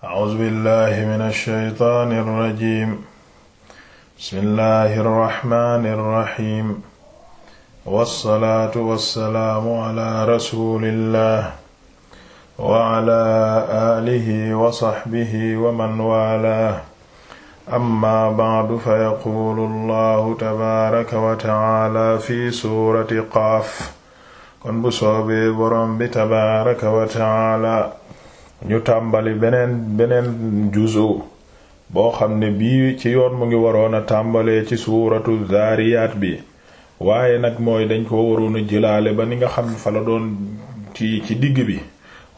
A'uuzu billaahi mina shaytaani rajiim. Bismillaahi rahmaani rahiim. Wassalaatu wassalaamu alaa rasuulillaah wa alaa aalihi wa sahbihi wa man waalaah. Ammaa ba'du fa yaquulu Allaahu tabaaraka wa ta'aalaa fi suurati Qaaf. Kon bu soobee Boroom bi tabaaraka wa ta'aalaa. ñu tàmbali beneen beneen juzu boo xam ne bii ci yoon mu ngi waroon a tàmbalee ci suuratu zaariyaat bi waaye nag mooy dañ ko waroon a jëlaale ba ni nga xam fa la doon ci ci digg bi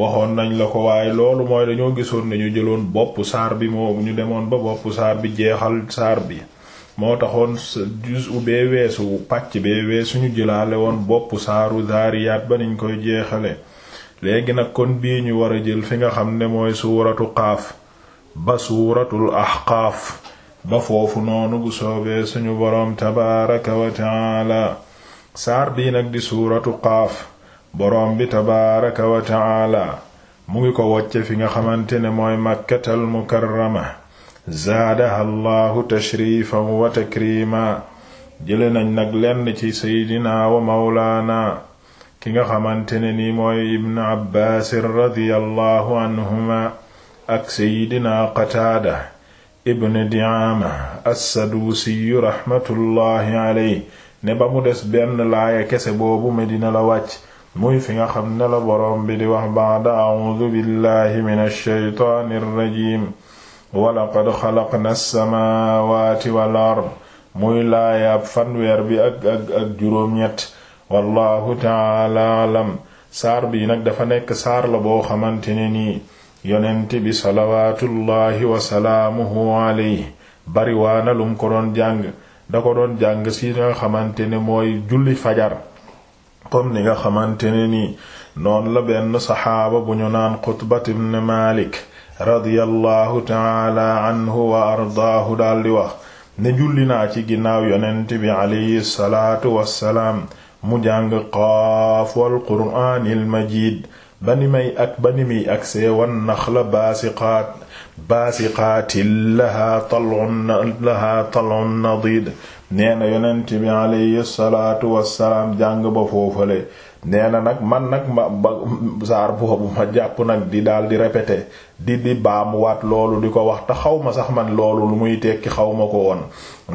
waxoon nañ la ko waaye loolu mooy dañoo gisoon nañu jëloon bopp saar bi moo ñu demoon ba bopp saar bi jeexal saar bi moo taxoon juzu bee weesu pàcc bee weesu ñu jëlaale woon bopp saaru zaariyaat ba niñ koy jeexale léegi nag kon bii ñu war a jël fi nga xam ne mooy suuratu qaaf ba suuratul ahqaaf ba foofu noonu bu soobee suñu boroom tabaaraka wa taala saar bii nag di suuratu qaaf boroom bi tabaaraka wa taala mu ngi ko wàcce fi nga xamante ne mooy makkatal mukarrama zaadaha allahu tashrifan wa takrima jële nañ nag lenn ci seydinaa wa mawlaana ki nga xamante ne nii mooy ibn abbaas radiyallahu anhuma ak seydina qataada ibn diama assaduusiyu raxmatullahi aley ne ba mu des benn laaya kese boobu medina la wàcc muy fi nga xam ne la boroom bi di wax baada audu billahi min alsheytaani irrajim walaqad xalaqna alsamaawaati wal ard muy laaya fanweer bi ak ak ak juróom wallahu taala alam saar bii nag dafa nekk saar la boo xamante ne nii yonent bi salawaatullaahi wasalaamuhu alayhi bari waana lum ko doon jàng da ko doon jàng si nga xamante ne mooy julli fajar comme ni nga xamante ne nii noonu la benn saxaaba bu ñu naan Qutbat ibn Malik radiyallahu taala anhu wa ardaahu daldi wax ne julli naa ci ginnaaw yonent bi alayhi salaatu wassalaam mu jàng qaaf wal qur'aanil majiid ba ni may ak ba ni muy agsee wan naxla baasiqaat baasiqaatin lahaa tal'un lahaa tal'un nadiid nee na yonent bi alayhi salaatu wassalaam jàng ba foofale nee na nag man nag ma ba saar boobu ma jàpp nag di daal di répéter di di baamuwaat loolu di ko wax te xaw ma sax man loolu lu muy tekki xaw ko woon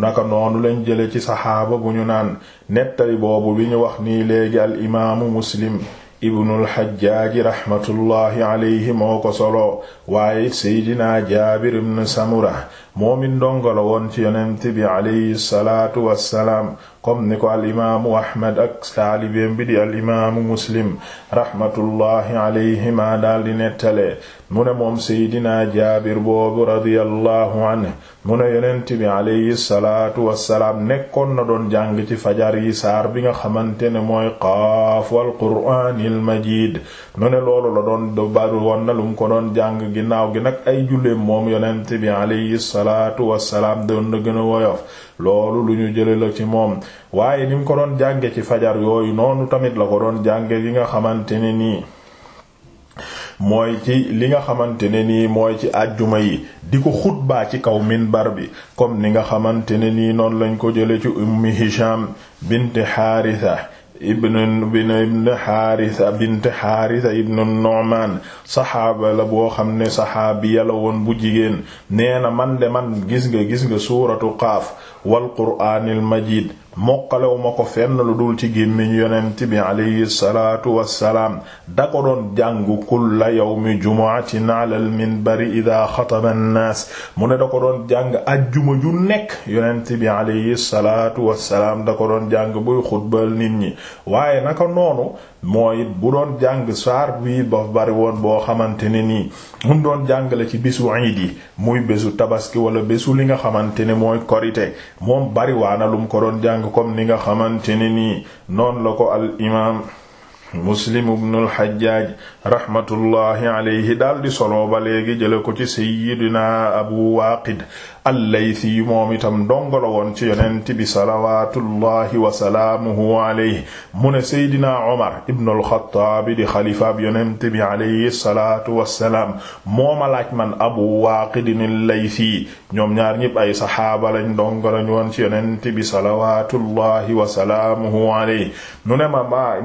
naka noonu lañ jële ci saxaaba bu ñu naan nettali boobu bi ñu wax nii léegi al imaamu muslim ibnul xajjaaji raxmatullahi alayhi moo ko solo waaye it seydinaa jaabir ibn samura moom it ndongo la woon ci yonent bi alayhi salaatu wassalaam comme ni ko al imaamu ak taalibeem bi di al imaamu muslim rahmatullahi alayhima daal di nettalee mu moom seydinaa jaabir boobu radiyallahu anhu mu ne yonent bi alayhi salaatu wassalaam nekkoon na doon jàng ci fajar yi saar bi nga xamante ne mooy qaaf wal qur'aanil majiid mu ne loolu la doon do bari woon na ko doon jàng ginnaaw gi nag ay julleem moom yonent bi alayhi salaatu wassalaam doon na gën a woyof loolu lu ñu la ci moom waaye ni mu ko doon jànge ci fajar yooyu noonu tamit la ko doon jànge nga xamante ne nii mooy li nga xamante ne nii mooy ci àjjuma yi di ko xutbaa ci kaw minbar bi comme ni nga xamante ne nii noonu lañ ko jële ci ummi hisham bint xaarisa ibn bin ibn xaarisa bint xaarisa ibn nu'man saxaaba la boo xam ne saxaabiya la woon bu jigéen nee na man de man gis nga gis nga suuratu qaaf wal qur'aanil majiid mokkalewu ko fenn lu dul ci gémmiñ yonent bi alayhi salaatu wassalaam da ko doon jàngu kulla yawmi jumu'atin alal minbari idaa xataba an-naas mu ne da ko doon jàng ajjuma ju nekk yonent bi alayhi salaatu wassalaam da ko doon jàng buy xutbal nit ñi waaye naka noonu mooy bu doon jàng saar bii ba bari woon boo xamante ne nii mun doon jàngale ci bisu iid yi muy bésu tabaski wala bésu li nga xamante ne mooy korite moom bari lu mu ko doon jàng comme ni nga xamante ne nii noonu la ko al imaam muslim ibnu alxajjaaj rahmatullahi alayhi daal di solo ba léegi jële ko ci sayyidina abu waaqid allaysi moom itam donga la woon ci yonent bi salawatullahi wa salaamuhu alayhi mu ne saydina omar ibnu alxataabi di xalifaab yonent bi alayhi salaatu wassalaam mooma laaj man abu waaqidin allaysi ñoom ñaar ñëpp ay saxaaba lañ donga lañ ci yonent bi salawatullahi wa salaamuhu alayhi nu ne ma ma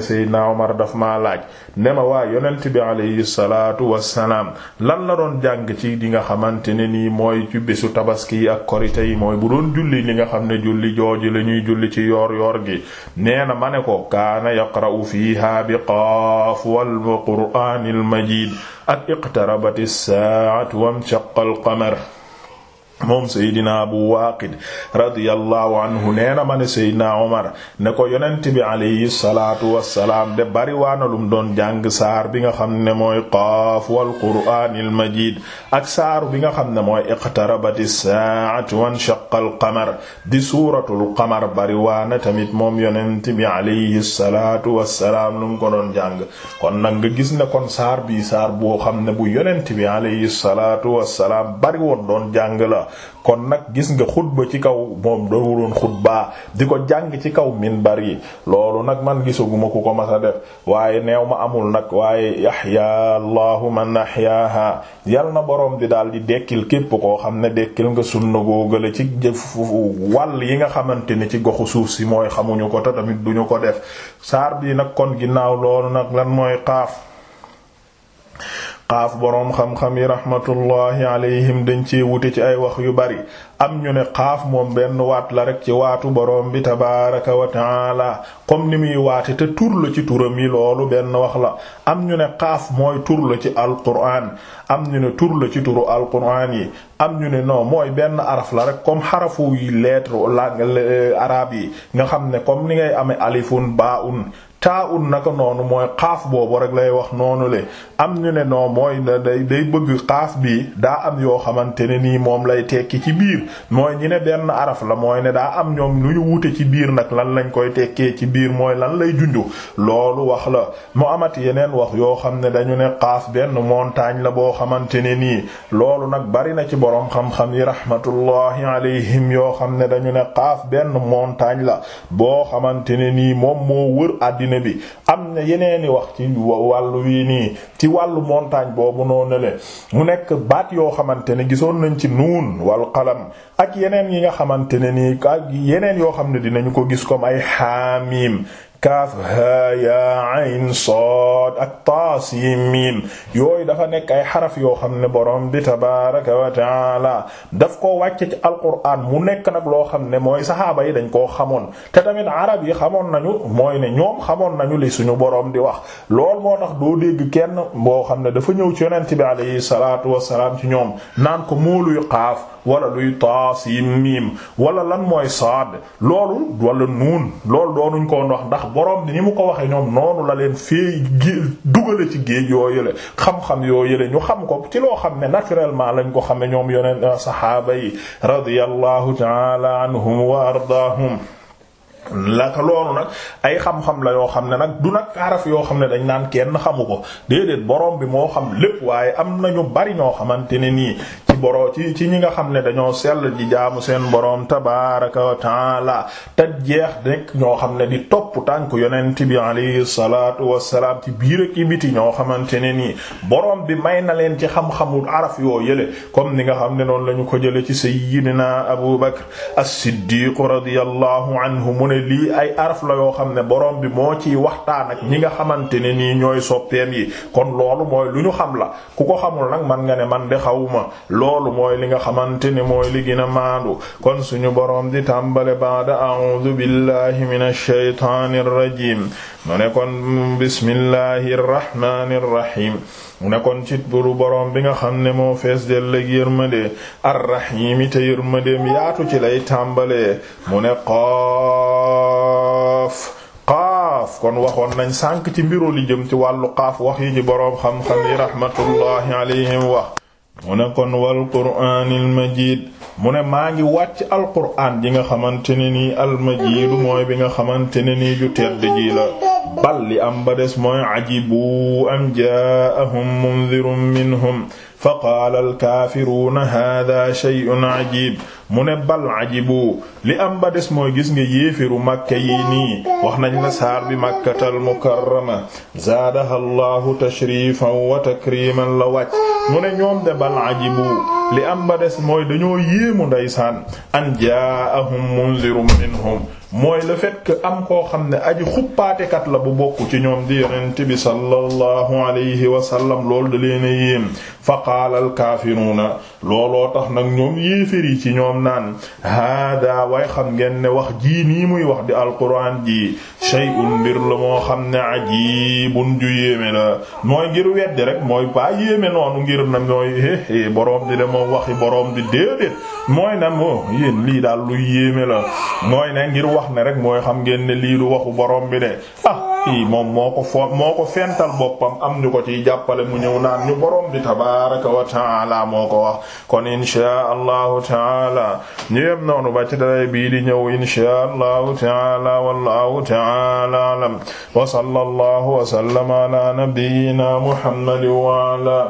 ne Seydina Omar daf maa laaj ne ma waa yonent bi alayhi salaatu wassalaam lan la doon jàng ci di nga xamante ne nii mooy ci bésu tabaski yi ak korite yi mooy bu doon julli li nga xam ne julli jooju la ñuy julli ci yoor yoor gi nee na ma ne ko kaana yaqra'u fiiha bi qaaf wal qur'aanil majiid ak iqtarabatis saa'atu wamshaqqa al qamar moom Seydina Abu Waaqid radiyallahu anhu nee na ma ne Seydina Omar ne ko yonent bi alayhi salaatu wassalaam de bari lum doon jàng saar bi nga xam ne mooy qaaf wal qur'aanil majiid ak saar bi nga xam ne mooy iqtarabati saa'atu wanshaqqal qamar di suuratul qamar bari waana tamit moom yonent bi alayhi salaatu wassalaam lum ko doon jàng kon nag gis ne kon saar bi saar boo xam ne bu yonent bi alayhi salaatu wassalaam bari woon doon jàng la kon nag gis nga xutba ci kaw moom dawuloon xutba di ko jàng ci kaw bar yi loolu nag man gisaguma ku ko masa def waaye neew ma amul nag waaye yaxya yahya allahumma nahyaha yal na boroom di daal di dekkil képp koo xam ne dekkil nga sunna góogale ci jëf wàll yi nga xamante ni ci goxu suuf si mooy xamuñu ko te tamit duñu ko def saar bii nag kon ginnaaw loolu nag lan mooy xaaf xaaf boroom xam-xam yi rahmatullahi alayhim dañ cee wute ci ay wax yu bari am ñu ne xaaf moom benn waat la rek ci waatu boroom bi tabaaraka wa taala comme ni muy waate te tur la ci turam yi loolu benn wax la am ñu ne xaaf mooy tur la ci alquraan am ñu ne tur la ci turu alquraan yi am ñu ne noo mooy benn araf la rek comme xarafu yi leetr langue arabe yi nga xam ne comme ni ngay amee alifun baa un taaun naka noonu mooy xaaf boobu rek lay wax noonu le am ñu ne non mooy day day bëgg xaaf bi daa am yoo xamante ne nii moom lay tekki ci biir mooy ñi ne benn araf la mooy ne daa am ñoom lu ñu wute ci biir nag lan lañ koy tekkee ci biir mooy lan lay junju loolu wax la mu amati yeneen wax yoo xam ne dañu ne xaaf benn montagne la boo xamante ne nii loolu nag bari na ci boroom xam-xam yi rahmatullahi alayhim yoo xam ne dañu ne xaaf benn montagne la boo xamante ne nii moom moo wër àddina àddina bi am na yeneeni wax ci wàllu wii nii ci wàllu montagne boobu noo le mu nekk baat yoo xamante ne gisoon nañ ci nuun wal qalam ak yeneen yi nga xamante ne nii ak yeneen yoo xam ne dinañu ko gis comme ay xaamim kaaf haa yaa ayn saad ak taasiim miim yooyu dafa nekk ay xaraf yoo xam ne borom bi tabaaraka wa taala daf koo wàcce ci alquraan mu nekk nag loo xam ne mooy saxaaba yi dañ koo xamoon te tamit arab yi xamoon nañu mooy ne ñoom xamoon nañu li suñu boroom di wax lool moo tax doo dégg kenn boo xam ne dafa ñëw ci yonent bi alayhi salaatu wassalaam ci ñoom naan ko moo luy qaaf wala luy taasiim miim wala lan mooy saad loolu wala nuun loolu doonuñ ko borom bi ni mu ko waxee ñoom noonu la leen fee dugale ci géej yoo yële xam-xam yoo yële ñu xam ko ci loo xam ne naturellement lañ ko xame ñoom yeneen saxaaba yi radiyallahu ta'ala anhum wa ardaahum laka loolu nag ay xam-xam la yoo xam ne nag du nag araf yoo xam ne dañ naan kenn xamu ko déedéet borom bi moo xam lépp waaye am na ñu bari ñoo xamante ne nii. boroo ci ci ñi nga xam ne dañoo sell ji jaamu seen boroom tabaaraka wa taala te jeex rek ñoo xam ne di topp tànk yonent bi alayhi salaatu wassalaam ci biir ak biti ñoo xamante ne nii boroom bi may na leen ci xam-xamu araf yoo yële comme ni nga xam ne noonu lañu ko jële ci sayyidina Abu Bakr as-Siddiq radiyallahu anhu mu ne lii ay araf la yoo xam ne boroom bi moo ciy waxtaan ak ñi nga xamante ne nii ñooy soppeem yi kon loolu mooy lu ñu xam la ku ko xamul nag man nga ne man de xawuma loolu mooy li nga xamante ne mooy li gën a maandu kon suñu boroom di tàmbale baada a'uudu billahi minash shaytaanir rajiim mu ne kon bismillahir rahmanir rahim kon ci buru boroom bi nga xam ne moo fees del ak yërmande ar-rahim mi yërmandeem yaatu ci lay tàmbalee mu ne qaaf kon waxoon nañ sànk ci mbiru li jëm ci wàllu qaaf wax yi xam-xam yi rahmatullahi alayhim wax mu kon wal quraanil majiid mu ne maa ngi wàcc alquraan ji nga xamante ne nii almajiidu mooy bi nga xamante ne nii ju tedd ji la bal li am ba des mooy ajibu am jaa'ahum mundirun minhum fa qaala alkaafiruuna haadaa shay'un ajiib mu bal ajibu li am ba des mooy gis nga yéefiru màkka yi nii wax nañ la saar bi màkkatal mukarrama zaadaha allahu tashrifan wa takriman la wàcc mu ne ñoom de bal ajibu li am ba des mooy dañoo yéemu ndeysaan an jaahum munzirun minhum mooy le fait am koo xam ne aji xuppaatekat la bu bokk ci ñoom di yonent bi sallallahu alayhi wa sallam loolu da leen yéem fa qaala alkaafiruuna looloo tax nag ñoom yéefér yi ci ñoom naan haada way xam ngeen ne wax ji nii muy wax di alquran ji shay'un mbir la moo xam ne ajibun ju yéeme la mooy ngir weddi rek mooy baa yéeme noonu ngir ngir na mooy eh, eh, borom di de moom waxi borom di déedéet mooy na moo yéen lii daal lu yéeme la mooy ne ngir wax ne rek mooy xam ngeen ne lii du waxu borom bi de ah i moom moo ko fo moo ko fental boppam am ñu ko ciy jàppale mu ñëw naan ñu borom bi tabaraka wa taala moo ko wax kon inshaa allahu taala ñu yem noonu ba ci daray bii di ñëw inshaa allahu taala wallahu taala alam wa sallallahu wa sallama ala nabiyyina muhammad wa ala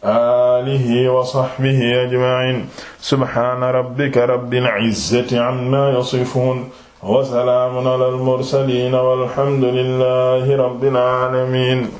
alihi wa sahbihi ajma'in subhana rabbika rabbil izzati amma yasifun wa salaamun alal mursaliin walhamdulillahi rabbil aalamiin